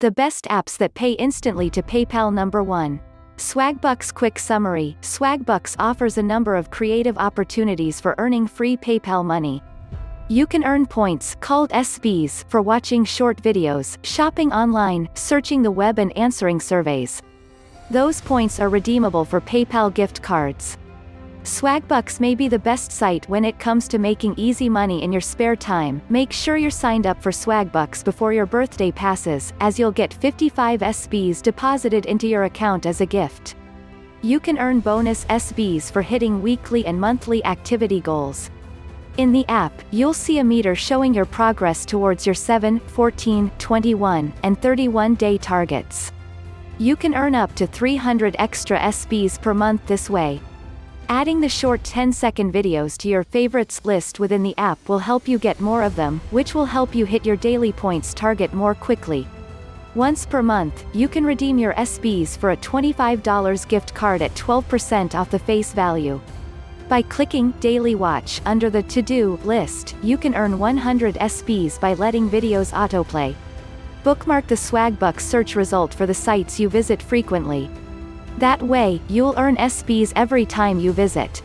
The best apps that pay instantly to PayPal number 1. Swagbucks Quick Summary Swagbucks offers a number of creative opportunities for earning free PayPal money. You can earn points, called SBs, for watching short videos, shopping online, searching the web and answering surveys. Those points are redeemable for PayPal gift cards. Swagbucks may be the best site when it comes to making easy money in your spare time. Make sure you're signed up for Swagbucks before your birthday passes, as you'll get 55 SBs deposited into your account as a gift. You can earn bonus SBs for hitting weekly and monthly activity goals. In the app, you'll see a meter showing your progress towards your 7, 14, 21, and 31 day targets. You can earn up to 300 extra SBs per month this way, Adding the short 10-second videos to your favorites list within the app will help you get more of them, which will help you hit your daily points target more quickly. Once per month, you can redeem your SBs for a $25 gift card at 12% off the face value. By clicking Daily Watch under the To-Do list, you can earn 100 SBs by letting videos autoplay. Bookmark the Swagbucks search result for the sites you visit frequently, that way, you'll earn SBs every time you visit.